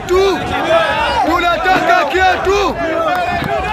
kyetu, tunataka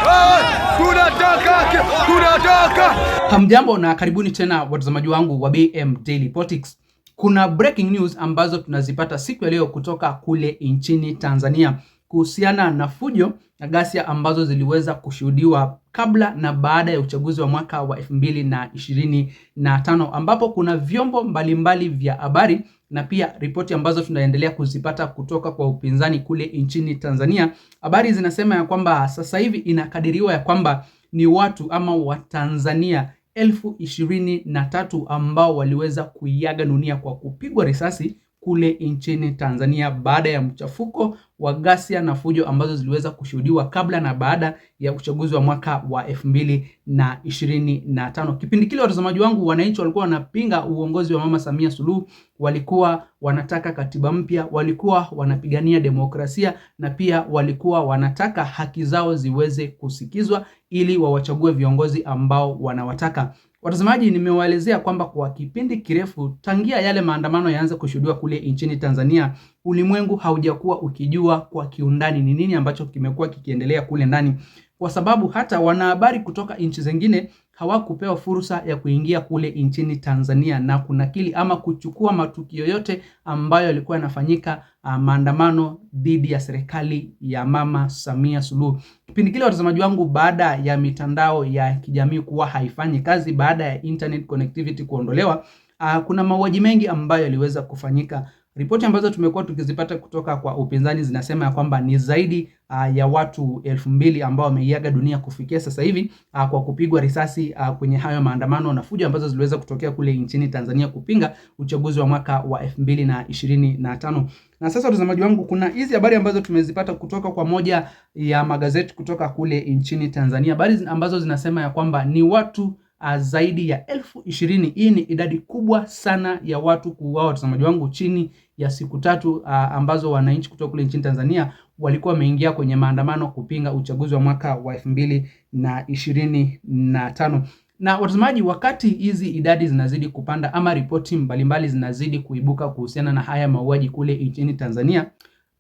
ah, tunataka tunataka. Hamjambo na karibuni tena watazamaji wangu wa BM Daily Politics. Kuna breaking news ambazo tunazipata siku ya leo kutoka kule nchini Tanzania kuhusiana na fujo na ghasia ambazo ziliweza kushuhudiwa kabla na baada ya uchaguzi wa mwaka wa 2025 ambapo kuna vyombo mbalimbali vya habari na pia ripoti ambazo tunaendelea kuzipata kutoka kwa upinzani kule nchini Tanzania. Habari zinasema ya kwamba sasa hivi inakadiriwa ya kwamba ni watu ama Watanzania elfu ishirini na tatu ambao waliweza kuiaga dunia kwa kupigwa risasi kule nchini Tanzania baada ya mchafuko wa ghasia na fujo ambazo ziliweza kushuhudiwa kabla na baada ya uchaguzi wa mwaka wa elfu mbili na ishirini na tano. Kipindi kile, watazamaji wangu, wananchi walikuwa wanapinga uongozi wa Mama Samia Suluhu, walikuwa wanataka katiba mpya, walikuwa wanapigania demokrasia na pia walikuwa wanataka haki zao ziweze kusikizwa ili wawachague viongozi ambao wanawataka. Watazamaji, nimewaelezea kwamba kwa kipindi kirefu tangia yale maandamano yaanze kushuhudiwa kule nchini Tanzania, ulimwengu haujakuwa ukijua kwa kiundani ni nini ambacho kimekuwa kikiendelea kule ndani kwa sababu hata wanahabari kutoka nchi zingine hawakupewa fursa ya kuingia kule nchini Tanzania na kunakili ama kuchukua matukio yote ambayo yalikuwa yanafanyika uh, maandamano dhidi ya serikali ya Mama Samia Suluhu. Kipindi kile watazamaji wangu, baada ya mitandao ya kijamii kuwa haifanyi kazi, baada ya internet connectivity kuondolewa, uh, kuna mauaji mengi ambayo yaliweza kufanyika Ripoti ambazo tumekuwa tukizipata kutoka kwa upinzani zinasema ya kwamba ni zaidi uh, ya watu elfu mbili ambao wameiaga dunia kufikia sasa hivi uh, kwa kupigwa risasi uh, kwenye hayo maandamano na fujo ambazo ziliweza kutokea kule nchini Tanzania kupinga uchaguzi wa mwaka wa elfu mbili na ishirini na tano. Na sasa watazamaji wangu, kuna hizi habari ambazo tumezipata kutoka kwa moja ya magazeti kutoka kule nchini Tanzania, habari ambazo zinasema ya kwamba ni watu zaidi ya elfu ishirini. Hii ni idadi kubwa sana ya watu kuuawa, watazamaji wangu, chini ya siku tatu uh, ambazo wananchi kutoka kule nchini Tanzania walikuwa wameingia kwenye maandamano kupinga uchaguzi wa mwaka wa elfu mbili na ishirini na tano na watazamaji, wakati hizi idadi zinazidi kupanda ama ripoti mbalimbali zinazidi kuibuka kuhusiana na haya mauaji kule nchini Tanzania,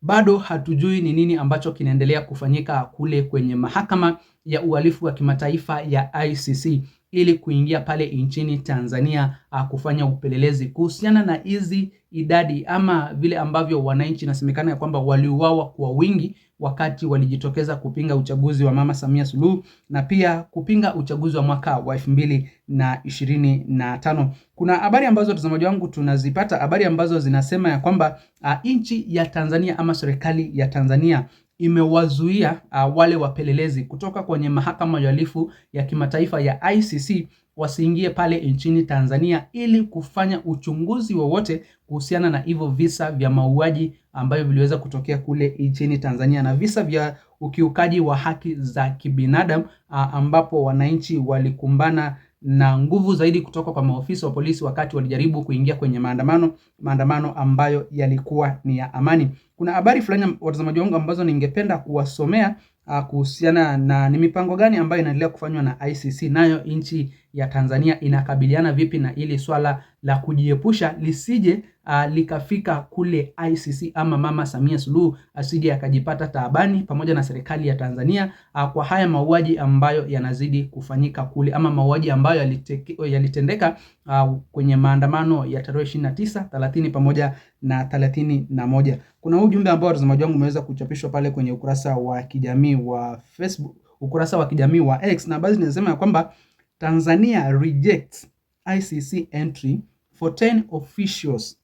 bado hatujui ni nini ambacho kinaendelea kufanyika kule kwenye mahakama ya uhalifu wa kimataifa ya ICC ili kuingia pale nchini Tanzania ah, kufanya upelelezi kuhusiana na hizi idadi ama vile ambavyo wananchi inasemekana ya kwamba waliuawa kwa wingi wakati walijitokeza kupinga uchaguzi wa Mama Samia Suluhu na pia kupinga uchaguzi wa mwaka wa elfu mbili na ishirini na tano. Kuna habari ambazo watazamaji wangu tunazipata, habari ambazo zinasema ya kwamba ah, nchi ya Tanzania ama serikali ya Tanzania imewazuia uh, wale wapelelezi kutoka kwenye mahakama ya uhalifu ya kimataifa ya ICC wasiingie pale nchini Tanzania ili kufanya uchunguzi wowote kuhusiana na hivyo visa vya mauaji ambayo viliweza kutokea kule nchini Tanzania na visa vya ukiukaji wa haki za kibinadamu ah, ambapo wananchi walikumbana na nguvu zaidi kutoka kwa maofisa wa polisi wakati walijaribu kuingia kwenye maandamano, maandamano ambayo yalikuwa ni ya amani. Kuna habari fulani watazamaji wangu ambazo ningependa kuwasomea ah, kuhusiana na ni mipango gani ambayo inaendelea kufanywa na ICC nayo nchi ya Tanzania inakabiliana vipi na ili swala la kujiepusha lisije uh, likafika kule ICC ama Mama Samia Suluhu asije akajipata taabani pamoja na serikali ya Tanzania uh, kwa haya mauaji ambayo yanazidi kufanyika kule ama mauaji ambayo yaliteke, yalitendeka uh, kwenye maandamano ya tarehe 29, 30 pamoja na 31. Kuna ujumbe ambao watazamaji wangu umeweza kuchapishwa pale kwenye ukurasa wa kijamii wa Facebook, ukurasa wa kijamii wa X na baadhi zinasema ya kwamba Tanzania rejects ICC entry for 10 officials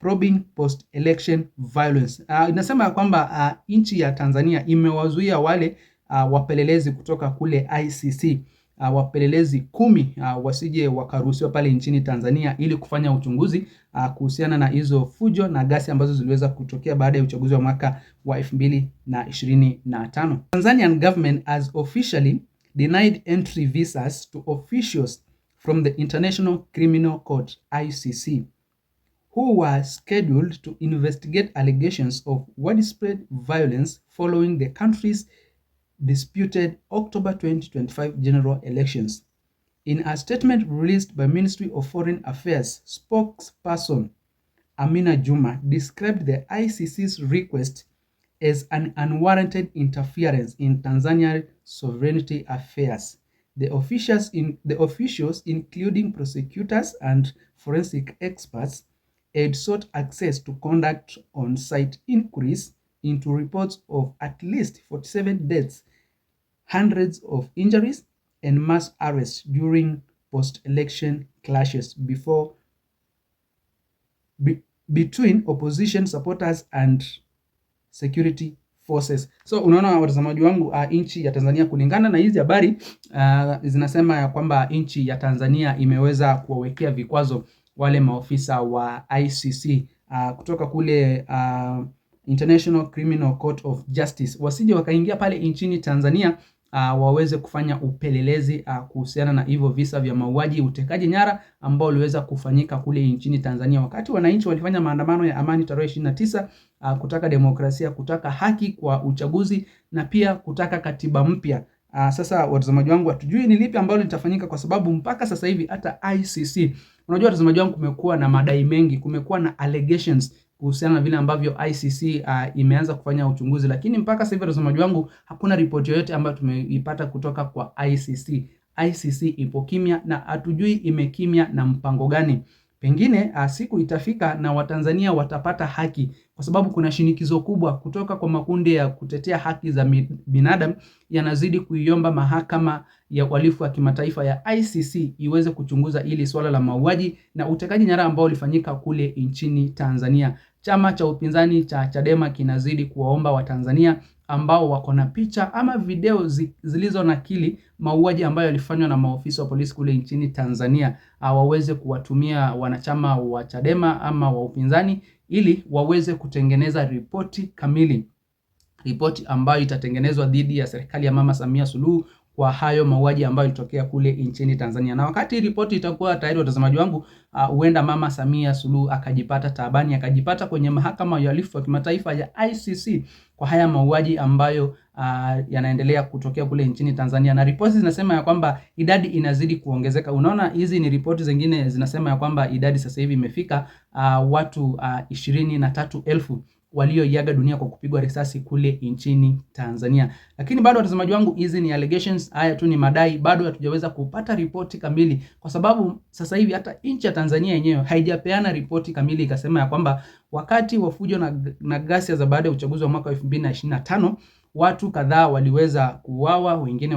probing post-election violence. Uh, inasema ya kwamba uh, nchi ya Tanzania imewazuia wale uh, wapelelezi kutoka kule ICC uh, wapelelezi kumi uh, wasije wakaruhusiwa pale nchini Tanzania ili kufanya uchunguzi uh, kuhusiana na hizo fujo na ghasia ambazo ziliweza kutokea baada ya uchaguzi wa mwaka wa 2025. Tanzanian government has officially denied entry visas to officials from the International Criminal Court ICC who were scheduled to investigate allegations of widespread violence following the country's disputed October 2025 general elections. In a statement released by Ministry of Foreign Affairs spokesperson Amina Juma described the ICC's request as an unwarranted interference in Tanzanian sovereignty affairs. The officials, in, the officials, including prosecutors and forensic experts, had sought access to conduct on site inquiries into reports of at least 47 deaths, hundreds of injuries, and mass arrests during post election clashes before, be, between opposition supporters and security forces. So unaona watazamaji wangu, uh, ah, nchi ya Tanzania kulingana na hizi habari uh, zinasema ya kwamba nchi ya Tanzania imeweza kuwawekea vikwazo wale maofisa wa ICC uh, ah, kutoka kule uh, International Criminal Court of Justice wasije wakaingia pale nchini Tanzania uh, waweze kufanya upelelezi uh, kuhusiana na hivyo visa vya mauaji, utekaji nyara ambao uliweza kufanyika kule nchini Tanzania wakati wananchi walifanya maandamano ya amani tarehe 29 uh, ah, kutaka demokrasia, kutaka haki kwa uchaguzi na pia kutaka katiba mpya. Uh, sasa watazamaji wangu, hatujui ni lipi ambalo litafanyika kwa sababu mpaka sasa hivi hata ICC, unajua watazamaji wangu, kumekuwa na madai mengi, kumekuwa na allegations kuhusiana na vile ambavyo ICC uh, imeanza kufanya uchunguzi, lakini mpaka sasa hivi watazamaji wangu, hakuna ripoti yoyote ambayo tumeipata kutoka kwa ICC. ICC ipo kimya na hatujui imekimya na mpango gani. Pengine uh, siku itafika na Watanzania watapata haki kwa sababu kuna shinikizo kubwa kutoka kwa makundi ya kutetea haki za binadamu yanazidi kuiomba mahakama ya uhalifu wa kimataifa ya ICC iweze kuchunguza ili swala la mauaji na utekaji nyara ambao ulifanyika kule nchini Tanzania. Chama cha upinzani cha Chadema kinazidi kuwaomba Watanzania ambao wako na picha ama video zilizo nakili mauaji ambayo yalifanywa na maofisa wa polisi kule nchini Tanzania waweze kuwatumia wanachama wa Chadema ama wa upinzani ili waweze kutengeneza ripoti kamili, ripoti ambayo itatengenezwa dhidi ya serikali ya Mama Samia Suluhu kwa hayo mauaji ambayo ilitokea kule nchini Tanzania. Na wakati ripoti itakuwa tayari, watazamaji wangu, ah, huenda uh, Mama Samia Suluhu akajipata taabani, akajipata kwenye mahakama ya uhalifu wa kimataifa ya ICC kwa haya mauaji ambayo uh, yanaendelea kutokea kule nchini Tanzania, na ripoti zinasema ya kwamba idadi inazidi kuongezeka. Unaona, hizi ni ripoti zingine zinasema ya kwamba idadi sasa hivi imefika uh, watu uh, ishirini uh, na tatu elfu walioiaga dunia kwa kupigwa risasi kule nchini Tanzania. Lakini bado watazamaji wangu, hizi ni allegations, haya tu ni madai, bado hatujaweza kupata ripoti kamili, kwa sababu sasa hivi hata nchi ya Tanzania yenyewe haijapeana ripoti kamili ikasema ya kwamba wakati wa fujo na, na ghasia za baada ya uchaguzi wa mwaka 2025 watu kadhaa waliweza kuuawa, wengine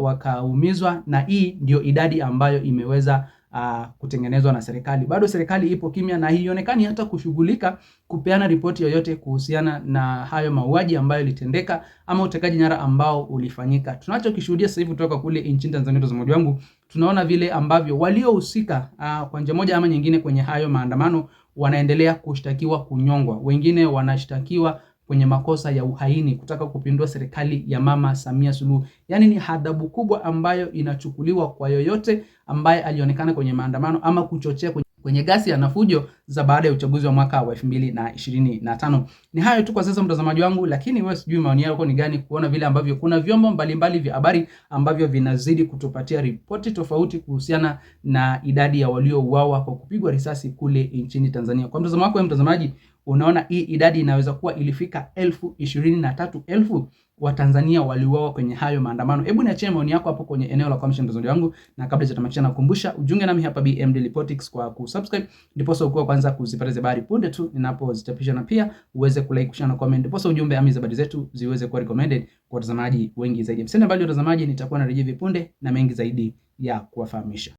wakaumizwa waka na hii ndio idadi ambayo imeweza Uh, kutengenezwa na serikali. Bado serikali ipo kimya na haionekani hata kushughulika kupeana ripoti yoyote kuhusiana na hayo mauaji ambayo ilitendeka ama utekaji nyara ambao ulifanyika. Tunachokishuhudia sasa hivi kutoka kule nchini Tanzania, mtazamaji wangu, tunaona vile ambavyo waliohusika uh, kwa njia moja ama nyingine kwenye hayo maandamano wanaendelea kushtakiwa kunyongwa, wengine wanashtakiwa kwenye makosa ya uhaini, kutaka kupindua serikali ya Mama Samia Suluhu. Yaani ni adhabu kubwa ambayo inachukuliwa kwa yoyote ambaye alionekana kwenye maandamano ama kuchochea kwenye kwenye ghasia na fujo za baada ya uchaguzi wa mwaka wa 2025. Ni hayo tu kwa sasa mtazamaji wangu, lakini wewe sijui maoni yako ni gani, kuona vile ambavyo kuna vyombo mbalimbali vya habari ambavyo vinazidi kutupatia ripoti tofauti kuhusiana na idadi ya waliouawa kwa kupigwa risasi kule nchini Tanzania. Kwa mtazamo wako mtazamaji Unaona, hii idadi inaweza kuwa ilifika elfu ishirini na tatu elfu wa Tanzania waliuawa kwenye hayo maandamano. Hebu niachie maoni yako hapo kwenye eneo la comment section yangu, na kabla sijatamatisha, nakukumbusha ujiunge nami hapa BM Daily Politics kwa kusubscribe, ndipo sasa ukua kwanza kuzipata habari punde tu ninapozitapisha, na pia uweze kulike, kushare na comment, ndipo sasa ujumbe ama habari zetu ziweze kuwa recommended kwa watazamaji wengi zaidi. Msende mbali watazamaji, nitakuwa narejea vipunde na mengi zaidi ya kuwafahamisha.